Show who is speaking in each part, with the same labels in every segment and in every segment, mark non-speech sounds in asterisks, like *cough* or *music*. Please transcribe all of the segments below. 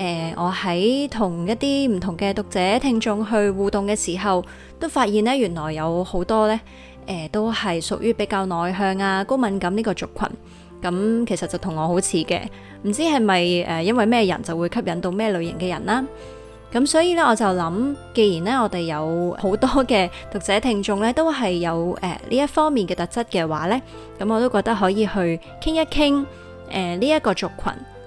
Speaker 1: 誒、呃，我喺同一啲唔同嘅讀者、聽眾去互動嘅時候，都發現呢，原來有好多呢，誒、呃，都係屬於比較內向啊、高敏感呢個族群。咁、嗯、其實就同我好似嘅，唔知係咪誒，因為咩人就會吸引到咩類型嘅人啦、啊？咁、嗯、所以呢，我就諗，既然呢我哋有好多嘅讀者、聽眾呢，都係有誒呢、呃、一方面嘅特質嘅話呢，咁、嗯、我都覺得可以去傾一傾誒呢一個族群。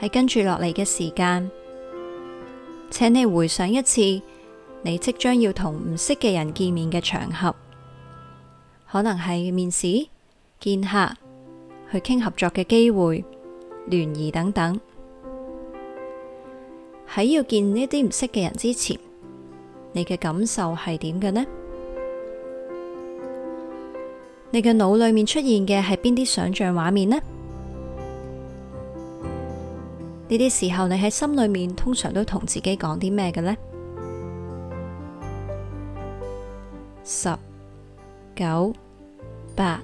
Speaker 1: 喺跟住落嚟嘅時間，請你回想一次你即將要同唔識嘅人見面嘅場合，可能係面試、見客、去傾合作嘅機會、聯誼等等。喺要見呢啲唔識嘅人之前，你嘅感受係點嘅呢？你嘅腦裏面出現嘅係邊啲想象畫面呢？呢啲時候你喺心裏面通常都同自己講啲咩嘅呢？十九八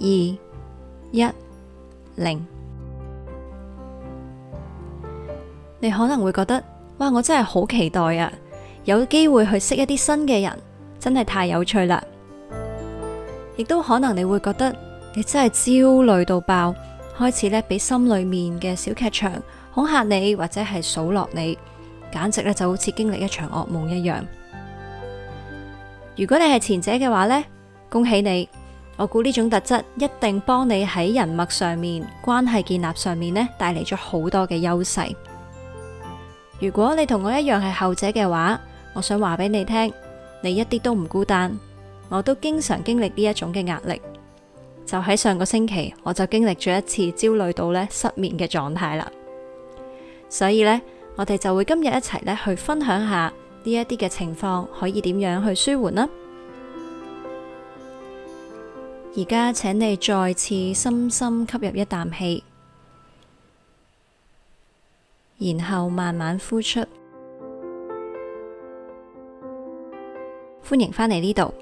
Speaker 1: 二一零，你可能會覺得，哇！我真係好期待啊，有機會去識一啲新嘅人，真係太有趣啦！亦都可能你會覺得你真係焦慮到爆，開始咧俾心裏面嘅小劇場恐嚇你，或者係數落你，簡直咧就好似經歷一場噩夢一樣。如果你係前者嘅話呢，恭喜你，我估呢種特質一定幫你喺人脈上面、關係建立上面呢帶嚟咗好多嘅優勢。如果你同我一樣係後者嘅話，我想話俾你聽，你一啲都唔孤單。我都經常經歷呢一種嘅壓力，就喺上個星期我就經歷咗一次焦慮到呢失眠嘅狀態啦。所以呢，我哋就會今日一齊呢去分享下呢一啲嘅情況可以點樣去舒緩啦。而家請你再次深深吸入一啖氣，然後慢慢呼出。歡迎返嚟呢度。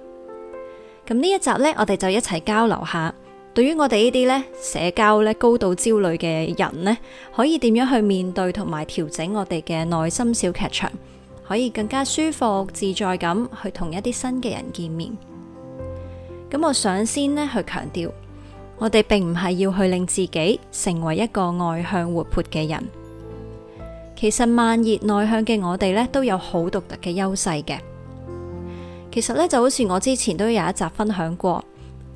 Speaker 1: 咁呢一集呢，我哋就一齊交流下對於，對於我哋呢啲呢社交呢高度焦慮嘅人呢，可以點樣去面對同埋調整我哋嘅內心小劇場，可以更加舒服自在咁去同一啲新嘅人見面。咁我想先呢去強調，我哋並唔係要去令自己成為一個外向活潑嘅人，其實慢熱內向嘅我哋呢都有好獨特嘅優勢嘅。其實咧，就好似我之前都有一集分享過，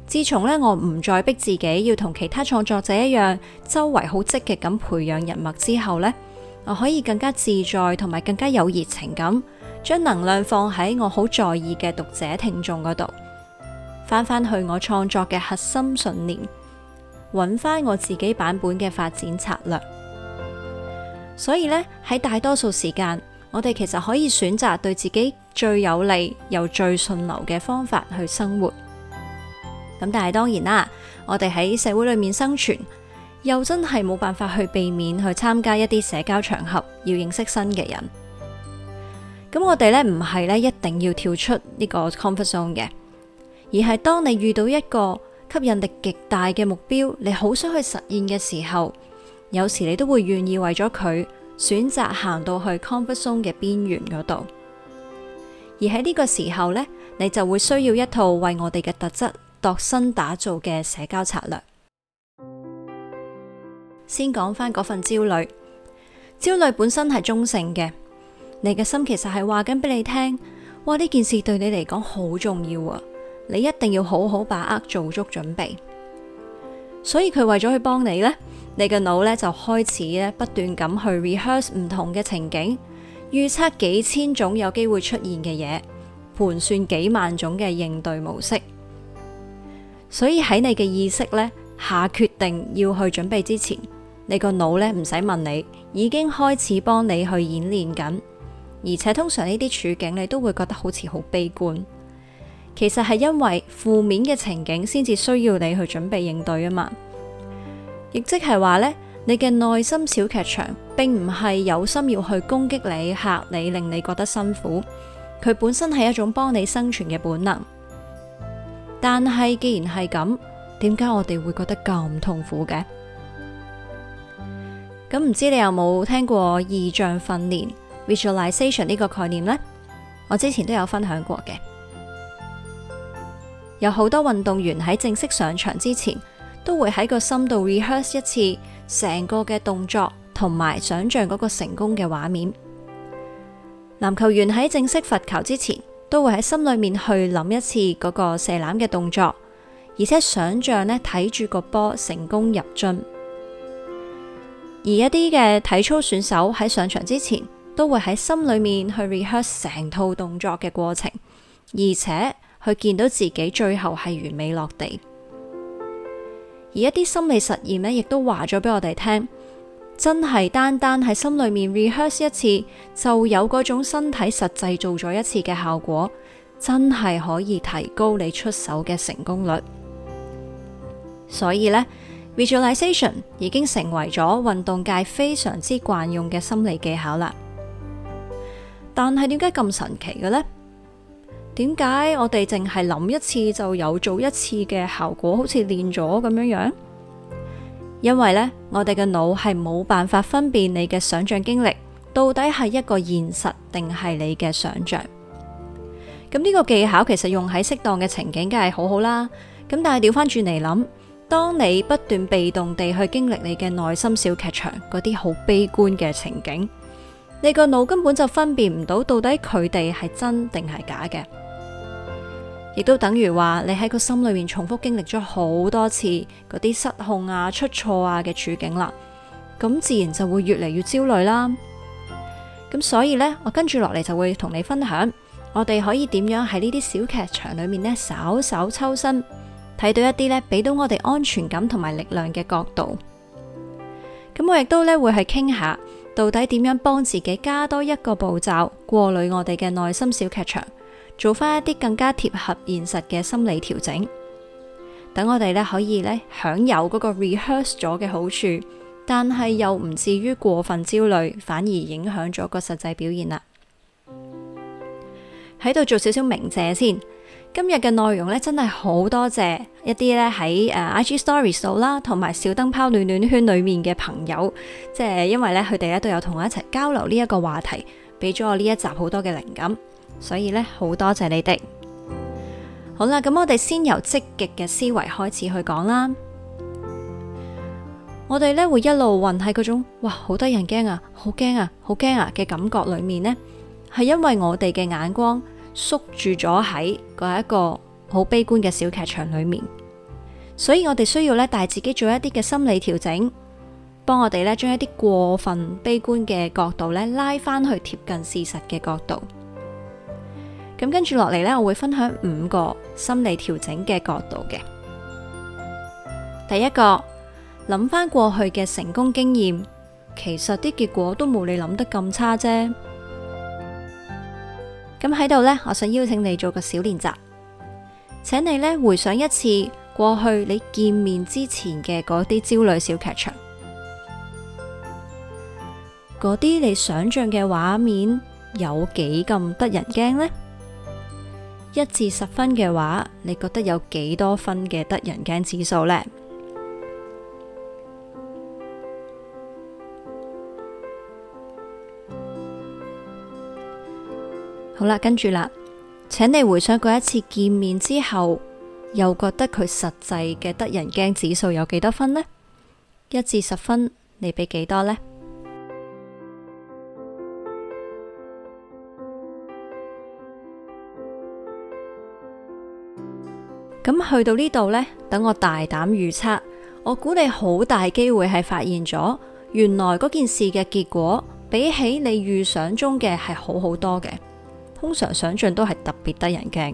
Speaker 1: 自從咧，我唔再逼自己要同其他創作者一樣，周圍好積極咁培養人脈之後呢，我可以更加自在同埋更加有熱情咁，將能量放喺我好在意嘅讀者聽眾嗰度，返返去我創作嘅核心信念，揾返我自己版本嘅發展策略，所以呢，喺大多數時間。我哋其實可以選擇對自己最有利又最順流嘅方法去生活。咁但係當然啦，我哋喺社會裏面生存，又真係冇辦法去避免去參加一啲社交場合，要認識新嘅人。咁我哋呢唔係呢一定要跳出呢個 comfort zone 嘅，而係當你遇到一個吸引力極大嘅目標，你好想去實現嘅時候，有時你都會願意為咗佢。選擇行到去 comfort zone 嘅邊緣嗰度，而喺呢個時候呢，你就會需要一套為我哋嘅特質度身打造嘅社交策略。先講返嗰份焦慮，焦慮本身係中性嘅，你嘅心其實係話緊俾你聽，哇！呢件事對你嚟講好重要啊，你一定要好好把握，做足準備。所以佢為咗去幫你呢。你嘅腦咧就開始咧不斷咁去 rehearse 唔同嘅情景，預測幾千種有機會出現嘅嘢，盤算幾萬種嘅應對模式。所以喺你嘅意識咧下決定要去準備之前，你個腦咧唔使問你，已經開始幫你去演練緊。而且通常呢啲處境你都會覺得好似好悲觀，其實係因為負面嘅情景先至需要你去準備應對啊嘛。亦即係話呢，你嘅內心小劇場並唔係有心要去攻擊你、嚇你，令你覺得辛苦。佢本身係一種幫你生存嘅本能。但係既然係咁，點解我哋會覺得咁痛苦嘅？咁唔知你有冇聽過意象訓練 （visualization） 呢個概念呢？我之前都有分享過嘅，有好多運動員喺正式上場之前。都會喺個心度 rehearse 一次成個嘅動作，同埋想象嗰個成功嘅畫面。籃球員喺正式罰球之前，都會喺心裏面去諗一次嗰個射籃嘅動作，而且想象呢，睇住個波成功入樽。而一啲嘅體操選手喺上場之前，都會喺心裏面去 rehearse 成套動作嘅過程，而且去見到自己最後係完美落地。而一啲心理實驗呢，亦都話咗俾我哋聽，真係單單喺心裏面 rehearse 一次，就有嗰種身體實際做咗一次嘅效果，真係可以提高你出手嘅成功率。所以呢，Visualization 已經成為咗運動界非常之慣用嘅心理技巧啦。但係點解咁神奇嘅呢？點解我哋淨係諗一次就有做一次嘅效果，好似練咗咁樣樣？因為呢，我哋嘅腦係冇辦法分辨你嘅想象經歷到底係一個現實定係你嘅想象。咁呢個技巧其實用喺適當嘅情景，梗係好好啦。咁但係調翻轉嚟諗，當你不斷被動地去經歷你嘅內心小劇場嗰啲好悲觀嘅情景，你個腦根本就分辨唔到到底佢哋係真定係假嘅。亦都等於話，你喺個心裏面重複經歷咗好多次嗰啲失控啊、出錯啊嘅處境啦，咁自然就會越嚟越焦慮啦。咁所以呢，我跟住落嚟就會同你分享，我哋可以點樣喺呢啲小劇場裏面呢，稍稍抽身，睇到一啲呢，俾到我哋安全感同埋力量嘅角度。咁我亦都呢，會去傾下，到底點樣幫自己加多一個步驟，過濾我哋嘅內心小劇場。做翻一啲更加貼合現實嘅心理調整，等我哋咧可以咧享有嗰個 rehearse 咗嘅好處，但係又唔至於過分焦慮，反而影響咗個實際表現啦。喺度 *music* 做少少鳴謝先。今日嘅內容咧真係好多謝一啲咧喺 IG Story 數啦，同埋小燈泡暖暖圈裏面嘅朋友，即係因為咧佢哋咧都有同我一齊交流呢一個話題，俾咗我呢一集好多嘅靈感。所以呢，好多謝你哋。好啦。咁我哋先由積極嘅思維開始去講啦。我哋呢會一路混喺嗰種哇，好得人驚啊，好驚啊，好驚啊嘅感覺裏面呢係因為我哋嘅眼光縮住咗喺嗰一個好悲觀嘅小劇場裏面，所以我哋需要呢帶自己做一啲嘅心理調整，幫我哋呢將一啲過分悲觀嘅角度呢拉翻去貼近事實嘅角度。咁跟住落嚟呢，我會分享五個心理調整嘅角度嘅。第一個諗翻過去嘅成功經驗，其實啲結果都冇你諗得咁差啫。咁喺度呢，我想邀請你做個小練習，請你呢回想一次過去你見面之前嘅嗰啲焦慮小劇場，嗰啲你想象嘅畫面有幾咁得人驚呢？一至十分嘅話，你覺得有幾多分嘅得人驚指數呢？好啦，跟住啦，請你回想嗰一次見面之後，又覺得佢實際嘅得人驚指數有幾多分呢？一至十分，你俾幾多呢？咁去到呢度呢，等我大膽預測，我估你好大機會係發現咗原來嗰件事嘅結果，比起你預想中嘅係好好多嘅。通常想象都係特別得人驚。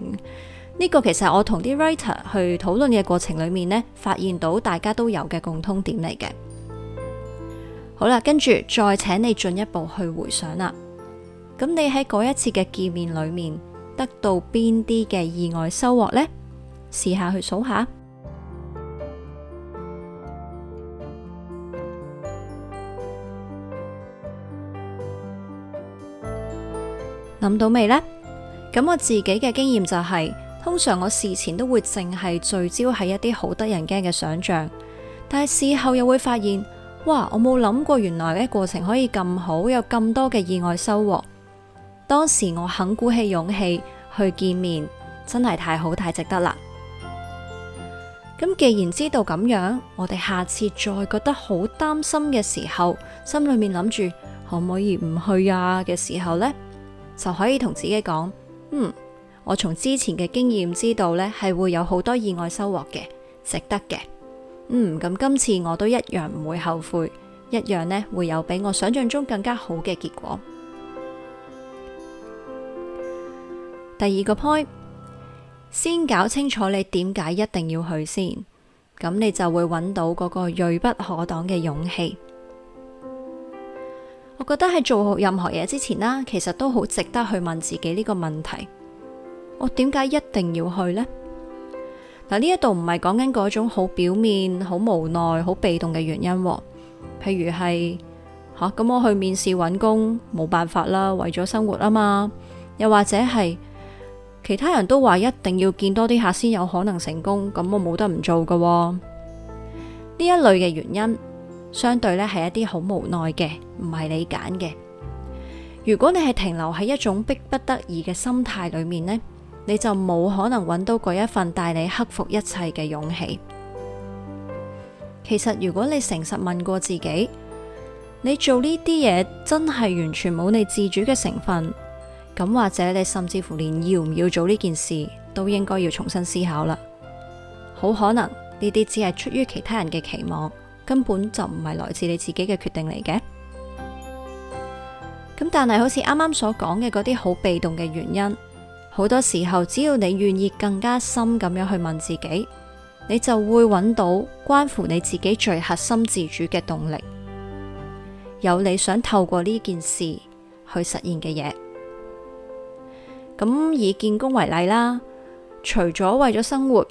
Speaker 1: 呢個其實我同啲 writer 去討論嘅過程裏面呢，發現到大家都有嘅共通點嚟嘅。好啦，跟住再請你進一步去回想啦。咁你喺嗰一次嘅見面裏面得到邊啲嘅意外收穫呢？試下去數下，諗到未呢？咁我自己嘅經驗就係，通常我事前都會淨係聚焦喺一啲好得人驚嘅想象，但係事後又會發現，哇！我冇諗過原來呢過程可以咁好，有咁多嘅意外收穫。當時我肯鼓起勇氣去見面，真係太好，太值得啦！咁既然知道咁樣，我哋下次再覺得好擔心嘅時候，心裏面諗住可唔可以唔去啊嘅時候呢，就可以同自己講：嗯，我從之前嘅經驗知道呢，係會有好多意外收穫嘅，值得嘅。嗯，咁今次我都一樣唔會後悔，一樣呢會有比我想象中更加好嘅結果。第二個 point。先搞清楚你點解一定要去先，咁你就會揾到嗰個銳不可擋嘅勇氣。我覺得喺做好任何嘢之前啦，其實都好值得去問自己呢個問題：我點解一定要去呢？嗱，呢一度唔係講緊嗰種好表面、好無奈、好被動嘅原因，譬如係吓咁我去面試揾工冇辦法啦，為咗生活啊嘛，又或者係：其他人都話一定要見多啲客先有可能成功，咁我冇得唔做㗎喎。呢一類嘅原因，相對呢係一啲好無奈嘅，唔係你揀嘅。如果你係停留喺一種逼不得已嘅心態裏面呢，你就冇可能揾到嗰一份帶你克服一切嘅勇氣。其實如果你誠實問過自己，你做呢啲嘢真係完全冇你自主嘅成分。咁或者你甚至乎連要唔要做呢件事，都應該要重新思考啦。好可能，呢啲只係出於其他人嘅期望，根本就唔係來自你自己嘅決定嚟嘅。咁但係好似啱啱所講嘅嗰啲好被動嘅原因，好多時候只要你願意更加深咁樣去問自己，你就會揾到關乎你自己最核心自主嘅動力，有你想透過呢件事去實現嘅嘢。咁以建工為例啦，除咗為咗生活，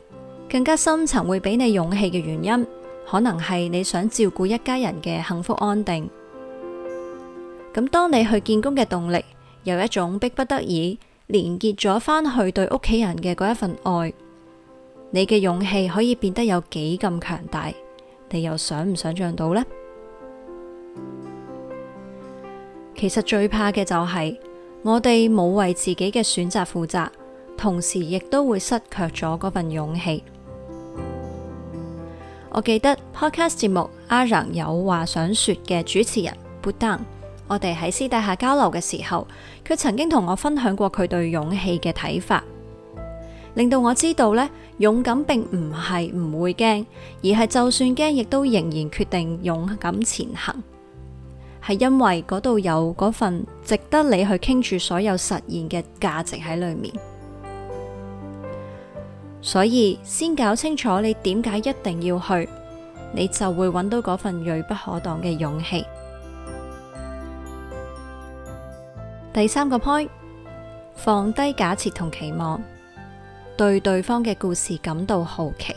Speaker 1: 更加深層會俾你勇氣嘅原因，可能係你想照顧一家人嘅幸福安定。咁當你去建工嘅動力，由一種迫不得已，連結咗翻去對屋企人嘅嗰一份愛，你嘅勇氣可以變得有幾咁強大？你又想唔想象到呢？其實最怕嘅就係。我哋冇為自己嘅選擇負責，同時亦都會失卻咗嗰份勇氣。我記得 Podcast 節目阿仁有話想說嘅主持人 Budang，我哋喺私底下交流嘅時候，佢曾經同我分享過佢對勇氣嘅睇法，令到我知道呢，勇敢並唔係唔會驚，而係就算驚亦都仍然決定勇敢前行。係因為嗰度有嗰份值得你去傾住所有實現嘅價值喺裏面，所以先搞清楚你點解一定要去，你就會搵到嗰份銳不可擋嘅勇氣。第三個 point，放低假設同期望，對對方嘅故事感到好奇。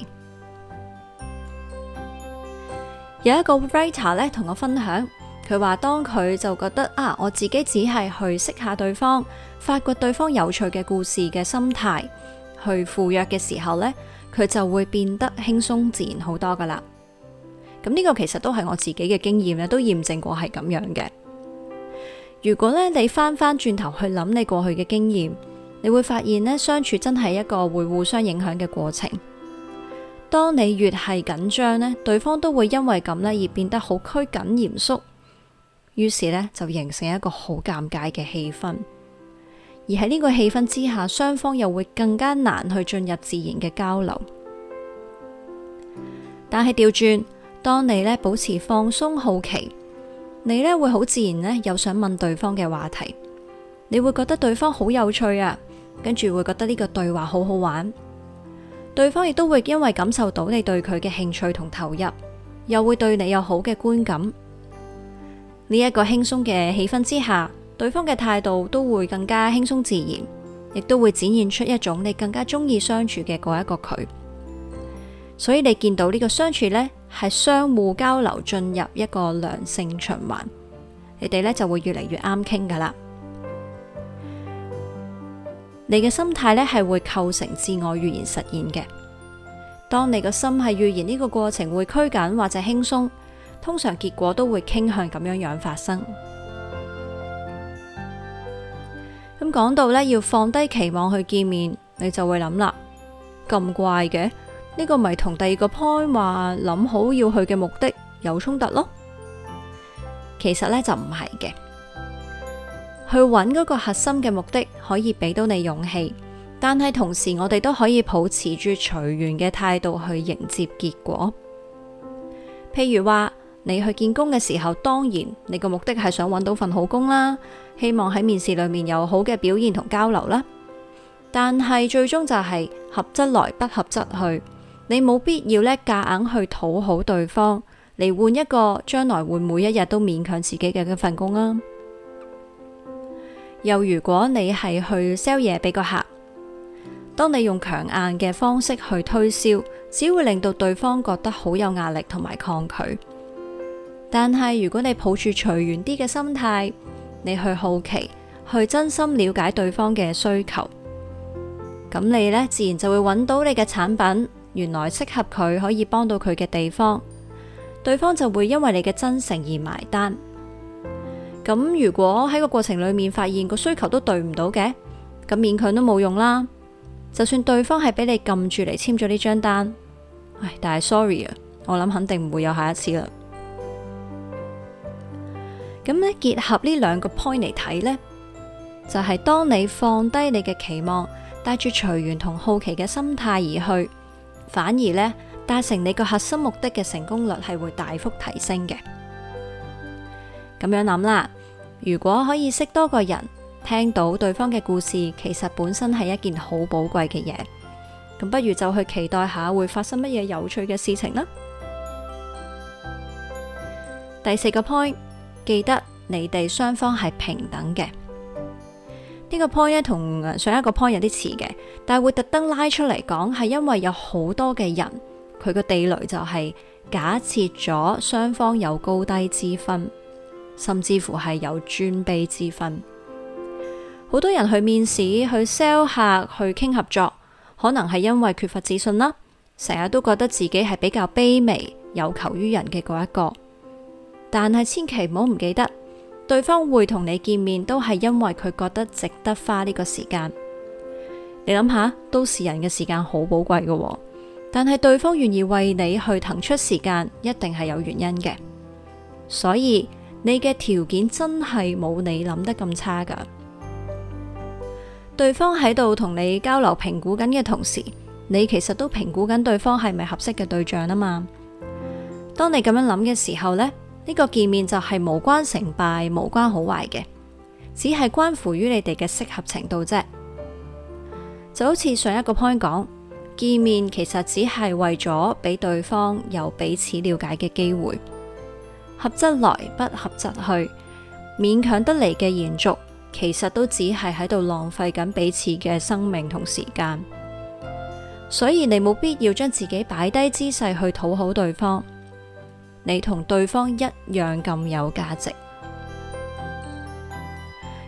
Speaker 1: 有一個 writer 呢，同我分享。佢話當佢就覺得啊，我自己只係去識下對方，發掘對方有趣嘅故事嘅心態去赴約嘅時候呢，佢就會變得輕鬆自然好多噶啦。咁呢個其實都係我自己嘅經驗咧，都驗證過係咁樣嘅。如果咧你翻翻轉頭去諗你過去嘅經驗，你會發現咧相處真係一個會互相影響嘅過程。當你越係緊張呢，對方都會因為咁呢而變得好拘謹嚴肅。於是呢，就形成一個好尷尬嘅氣氛。而喺呢個氣氛之下，雙方又會更加難去進入自然嘅交流。但係調轉，當你呢保持放鬆好奇，你呢會好自然呢又想問對方嘅話題，你會覺得對方好有趣啊，跟住會覺得呢個對話好好玩。對方亦都會因為感受到你對佢嘅興趣同投入，又會對你有好嘅觀感。呢一個輕鬆嘅氣氛之下，對方嘅態度都會更加輕鬆自然，亦都會展現出一種你更加中意相處嘅嗰一個佢。所以你見到呢個相處呢，係相互交流，進入一個良性循環，你哋呢就會越嚟越啱傾㗎喇。你嘅心態呢係會構成自我預言實現嘅。當你嘅心係預言呢個過程會拘謹或者輕鬆。通常結果都會傾向咁樣樣發生。咁講到呢，要放低期望去見面，你就會諗啦，咁怪嘅呢個咪同第二個 point 話諗好要去嘅目的有衝突咯。其實呢，就唔係嘅，去揾嗰個核心嘅目的可以俾到你勇氣，但係同時我哋都可以抱持住隨緣嘅態度去迎接結果。譬如話。你去見工嘅時候，當然你個目的係想揾到份好工啦，希望喺面試裏面有好嘅表現同交流啦。但係最終就係合則來不合則去，你冇必要呢夾硬去討好對方嚟換一個將來會每一日都勉強自己嘅嗰份工啊。又如果你係去 sell 嘢俾個客，當你用強硬嘅方式去推銷，只會令到對方覺得好有壓力同埋抗拒。但係如果你抱住隨緣啲嘅心態，你去好奇，去真心了解對方嘅需求，咁你呢自然就會揾到你嘅產品原來適合佢，可以幫到佢嘅地方，對方就會因為你嘅真誠而埋單。咁如果喺個過程裏面發現個需求都對唔到嘅，咁勉強都冇用啦。就算對方係俾你撳住嚟簽咗呢張單，唉，但係 sorry 啊，我諗肯定唔會有下一次啦。咁咧，結合呢兩個 point 嚟睇呢就係當你放低你嘅期望，帶住隨緣同好奇嘅心態而去，反而呢，達成你個核心目的嘅成功率係會大幅提升嘅。咁樣諗啦，如果可以識多個人，聽到對方嘅故事，其實本身係一件好寶貴嘅嘢。咁不如就去期待下會發生乜嘢有趣嘅事情啦。第四個 point。記得你哋雙方係平等嘅，呢個 point 同上一個 point 有啲似嘅，但係會特登拉出嚟講，係因為有好多嘅人，佢個地雷就係假設咗雙方有高低之分，甚至乎係有尊卑之分。好多人去面試、去 sell 客、去傾合作，可能係因為缺乏自信啦，成日都覺得自己係比較卑微、有求於人嘅嗰一個。但係千祈唔好唔記得，對方會同你見面，都係因為佢覺得值得花呢個時間。你諗下，都市人嘅時間好寶貴嘅喎，但係對方願意為你去騰出時間，一定係有原因嘅。所以你嘅條件真係冇你諗得咁差噶。對方喺度同你交流評估緊嘅同時，你其實都評估緊對方係咪合適嘅對象啊嘛。當你咁樣諗嘅時候呢。呢個見面就係無關成敗，無關好壞嘅，只係關乎於你哋嘅適合程度啫。就好似上一個 point 講，見面其實只係為咗俾對方有彼此了解嘅機會，合則來，不合則去，勉強得嚟嘅延續，其實都只係喺度浪費緊彼此嘅生命同時間。所以你冇必要將自己擺低姿勢去討好對方。你同對方一樣咁有價值，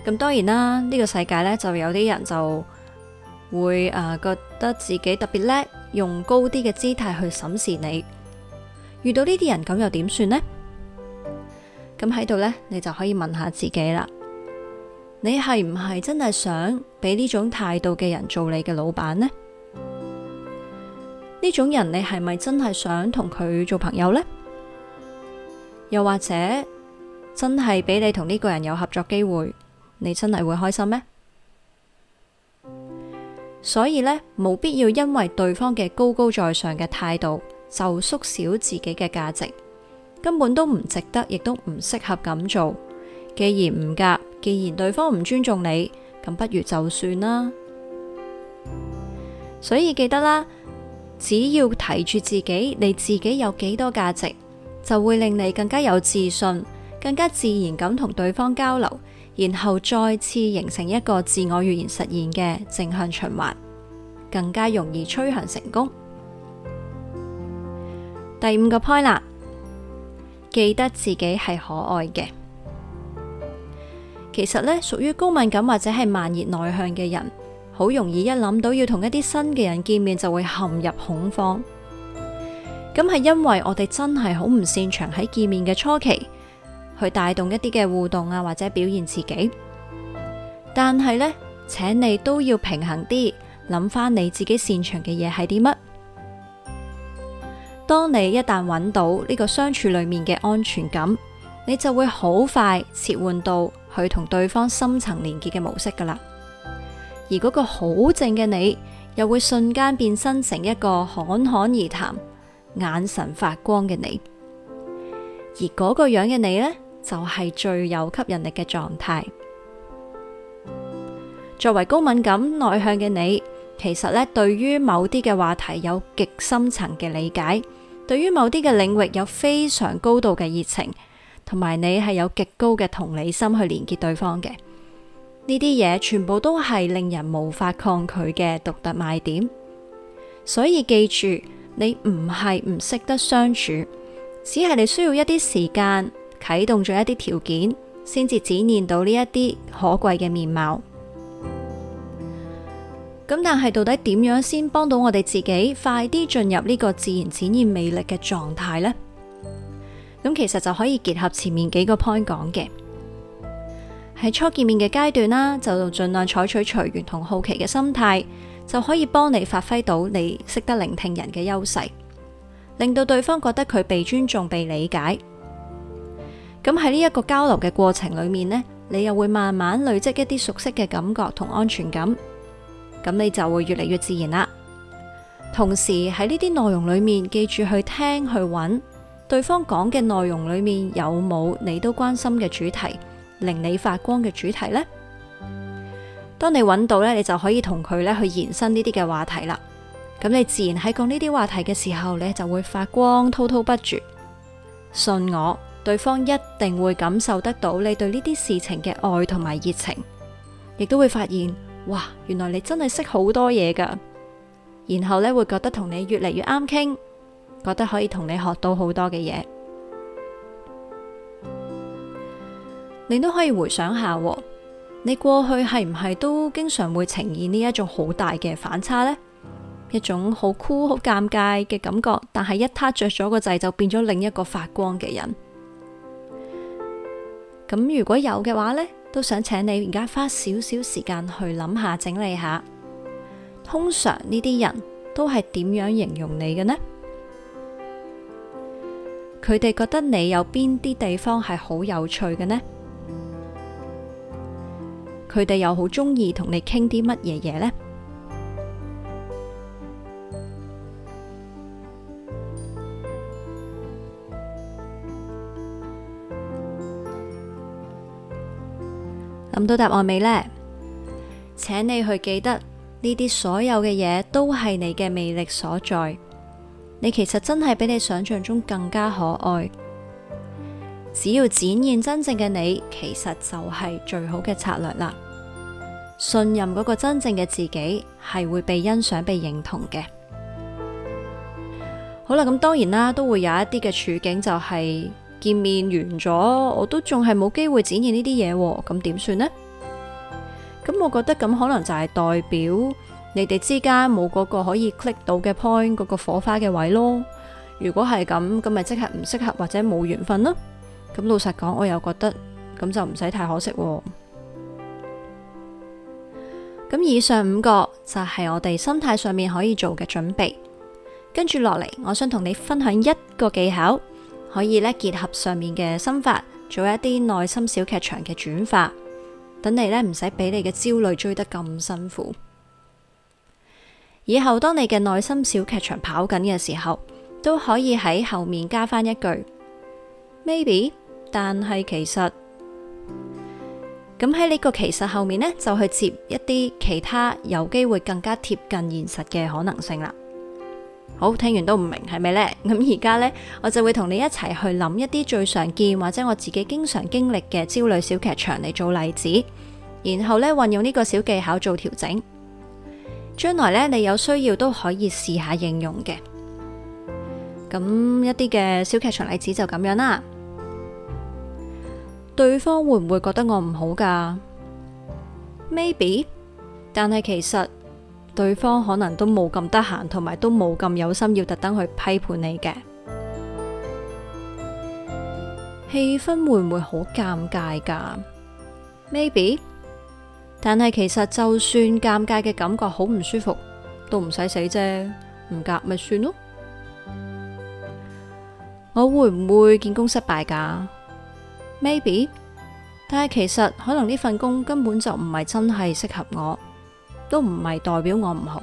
Speaker 1: 咁當然啦。呢個世界呢，就有啲人就會啊，覺得自己特別叻，用高啲嘅姿態去審視你。遇到呢啲人，咁又點算呢？咁喺度呢，你就可以問，問下自己啦：你係唔係真係想俾呢種態度嘅人做你嘅老闆呢？呢種人，你係咪真係想同佢做朋友呢？又或者真係俾你同呢個人有合作機會，你真係會開心咩？所以呢，冇必要因為對方嘅高高在上嘅態度就縮小自己嘅價值，根本都唔值得，亦都唔適合咁做。既然唔夾，既然對方唔尊重你，咁不如就算啦。所以記得啦，只要提住自己，你自己有幾多價值。就會令你更加有自信，更加自然咁同對方交流，然後再次形成一個自我預言實現嘅正向循環，更加容易趨向成功。第五個 point 啦，記得自己係可愛嘅。其實呢，屬於高敏感或者係慢熱內向嘅人，好容易一諗到要同一啲新嘅人見面，就會陷入恐慌。咁係因為我哋真係好唔擅長喺見面嘅初期去帶動一啲嘅互動啊，或者表現自己。但係呢，請你都要平衡啲，諗翻你自己擅長嘅嘢係啲乜。當你一旦揾到呢個相處裏面嘅安全感，你就會好快切換到去同對方深層連結嘅模式噶啦。而嗰個好正嘅你，又會瞬間變身成一個侃侃而談。眼神發光嘅你，而嗰個樣嘅你呢，就係最有吸引力嘅狀態。作為高敏感內向嘅你，其實呢，對於某啲嘅話題有極深層嘅理解，對於某啲嘅領域有非常高度嘅熱情，同埋你係有極高嘅同理心去連結對方嘅。呢啲嘢，全部都係令人無法抗拒嘅獨特賣點。所以記住。你唔係唔識得相處，只係你需要一啲時間啟動咗一啲條件，先至展現到呢一啲可貴嘅面貌。咁但係到底點樣先幫到我哋自己快啲進入呢個自然展現魅力嘅狀態呢？咁其實就可以結合前面幾個 point 講嘅，喺初見面嘅階段啦，就盡量採取隨緣同好奇嘅心態。就可以幫你發揮到你識得聆聽人嘅優勢，令到對方覺得佢被尊重、被理解。咁喺呢一個交流嘅過程裏面呢，你又會慢慢累積一啲熟悉嘅感覺同安全感。咁你就會越嚟越自然啦。同時喺呢啲內容裏面，記住去聽、去揾對方講嘅內容裏面，有冇你都關心嘅主題，令你發光嘅主題呢？當你揾到呢，你就可以同佢咧去延伸呢啲嘅話題啦。咁你自然喺講呢啲話題嘅時候，你就會發光，滔滔不絕。信我，對方一定會感受得到你對呢啲事情嘅愛同埋熱情，亦都會發現哇，原來你真係識好多嘢噶。然後咧會覺得同你越嚟越啱傾，覺得可以同你學到好多嘅嘢。你都可以回想下。你過去係唔係都經常會呈現呢一種好大嘅反差呢？一種好酷、好尷尬嘅感覺，但係一撻着咗個掣，就變咗另一個發光嘅人。咁如果有嘅話呢，都想請你而家花少少時間去諗下、整理下。通常呢啲人都係點樣形容你嘅呢？佢哋覺得你有邊啲地方係好有趣嘅呢？佢哋又好中意同你傾啲乜嘢嘢呢？諗到答案未呢？請你去記得呢啲所有嘅嘢都係你嘅魅力所在。你其實真係比你想象中更加可愛。只要展現真正嘅你，其實就係最好嘅策略啦。信任嗰個真正嘅自己，係會被欣賞、被認同嘅。好啦，咁當然啦，都會有一啲嘅處境，就是，就係見面完咗，我都仲係冇機會展現呢啲嘢，咁點算呢？咁我覺得咁可能就係代表你哋之間冇嗰個可以 click 到嘅 point，嗰個火花嘅位咯。如果係咁，咁咪即係唔適合或者冇緣分咯。咁老實講，我又覺得咁就唔使太可惜。咁以上五個就係我哋心態上面可以做嘅準備。跟住落嚟，我想同你分享一個技巧，可以呢結合上面嘅心法，做一啲內心小劇場嘅轉化，等你呢唔使俾你嘅焦慮追得咁辛苦。以後當你嘅內心小劇場跑緊嘅時候，都可以喺後面加翻一句，maybe。但係其實咁喺呢個其實後面呢，就去接一啲其他有機會更加貼近現實嘅可能性啦。好，聽完都唔明係咪呢？咁而家呢，我就會同你一齊去諗一啲最常見或者我自己經常經歷嘅焦慮小劇場嚟做例子，然後呢，運用呢個小技巧做調整。將來呢，你有需要都可以試下應用嘅。咁一啲嘅小劇場例子就咁樣啦。對方會唔會覺得我唔好噶？Maybe，但係其實對方可能都冇咁得閒，同埋都冇咁有心要特登去批判你嘅。氣氛會唔會好尷尬噶？Maybe，但係其實就算尷尬嘅感覺好唔舒服，都唔使死啫，唔夾咪算咯。我會唔會見功失敗噶？Maybe，但係其實可能呢份工根本就唔係真係適合我，都唔係代表我唔好，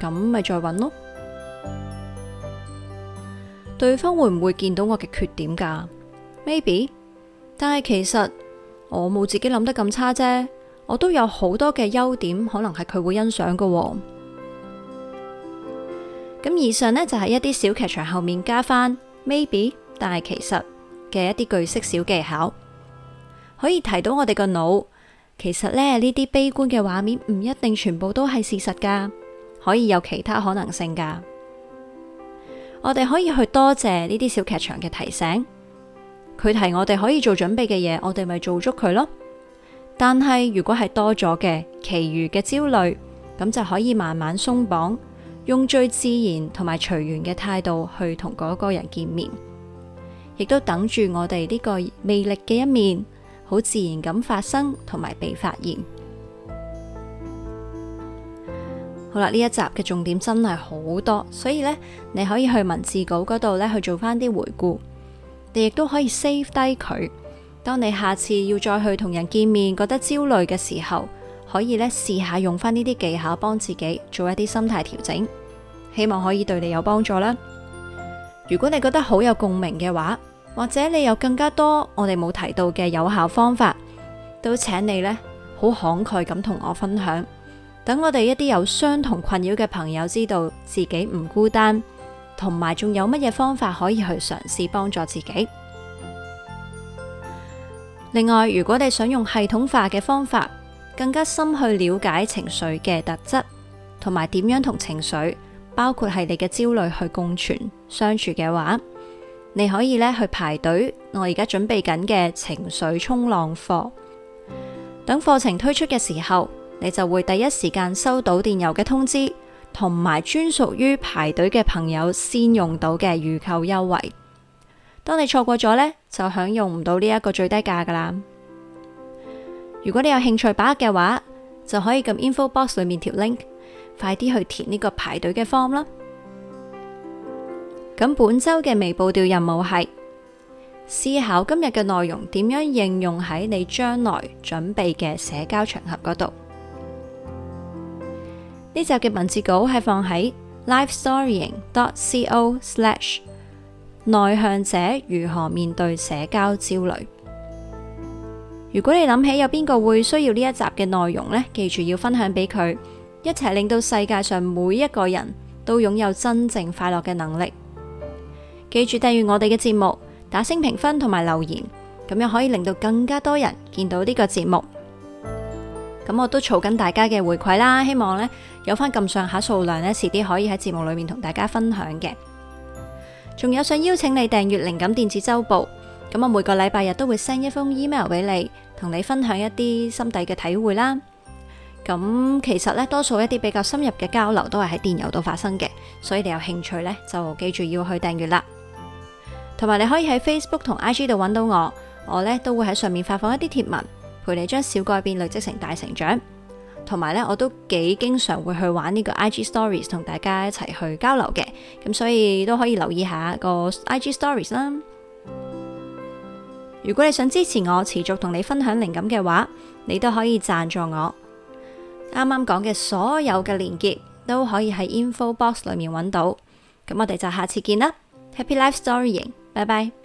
Speaker 1: 咁咪再揾咯。 *music* 對方會唔會見到我嘅缺點噶？Maybe，但係其實我冇自己諗得咁差啫，我都有好多嘅優點，可能係佢會欣賞噶喎。咁以上呢，就係一啲小劇場後面加翻，Maybe，但係其實。嘅一啲句式小技巧，可以提到我哋個腦。其實呢，呢啲悲觀嘅畫面唔一定全部都係事實噶，可以有其他可能性噶。我哋可以去多謝呢啲小劇場嘅提醒，佢提我哋可以做準備嘅嘢，我哋咪做足佢咯。但係如果係多咗嘅，其餘嘅焦慮，咁就可以慢慢鬆綁，用最自然同埋隨緣嘅態度去同嗰個人見面。亦都等住我哋呢個魅力嘅一面，好自然咁發生同埋被發現。 *noise* 好啦，呢一集嘅重點真係好多，所以呢，你可以去文字稿嗰度呢去做翻啲回顧。你亦都可以 save 低佢，當你下次要再去同人見面，覺得焦慮嘅時候，可以呢試下用翻呢啲技巧，幫自己做一啲心態調整。希望可以對你有幫助啦。如果你覺得好有共鳴嘅話，或者你有更加多我哋冇提到嘅有效方法，都請你咧好慷慨咁同我分享，等我哋一啲有相同困擾嘅朋友知道自己唔孤單，同埋仲有乜嘢方法可以去嘗試幫助自己。另外，如果你想用系統化嘅方法，更加深去了解情緒嘅特質，同埋點樣同情緒，包括係你嘅焦慮去共存相處嘅話，你可以呢去排隊，我而家準備緊嘅情緒衝浪課，等課程推出嘅時候，你就會第一時間收到電郵嘅通知，同埋專屬於排隊嘅朋友先用到嘅預購優惠。當你錯過咗呢，就享用唔到呢一個最低價㗎喇。如果你有興趣把握嘅話，就可以撳 info box 裏面條 link，快啲去填呢個排隊嘅 form 啦。咁本周嘅微步調任務係思考今日嘅內容點樣應用喺你將來準備嘅社交場合度。呢集嘅文字稿係放喺 livestorying.co/ 內向者如何面對社交焦慮。如果你諗起有邊個會需要呢一集嘅內容呢，記住要分享俾佢，一齊令到世界上每一個人都擁有真正快樂嘅能力。記住訂閱我哋嘅節目，打星評分同埋留言，咁樣可以令到更加多人見到呢個節目。咁 *music* 我都儲緊大家嘅回饋啦，希望呢有翻咁上下數量呢，遲啲可以喺節目裏面同大家分享嘅。仲有想邀請你訂閱靈感電子週報，咁我每個禮拜日都會 send 一封 email 俾你，同你分享一啲心底嘅體會啦。咁其實呢，多數一啲比較深入嘅交流都係喺電郵度發生嘅，所以你有興趣呢，就記住要去訂閱啦。同埋你可以喺 Facebook 同 IG 度揾到我，我呢都會喺上面發放一啲貼文，陪你將小改變累積成大成長。同埋呢，我都幾經常會去玩呢個 IG Stories，同大家一齊去交流嘅。咁所以都可以留意下個 IG Stories 啦。 *music* 如果你想支持我持續同你分享靈感嘅話，你都可以贊助我。啱啱講嘅所有嘅連結都可以喺 Info Box 裏面揾到。咁我哋就下次見啦，Happy Life Storying！拜拜。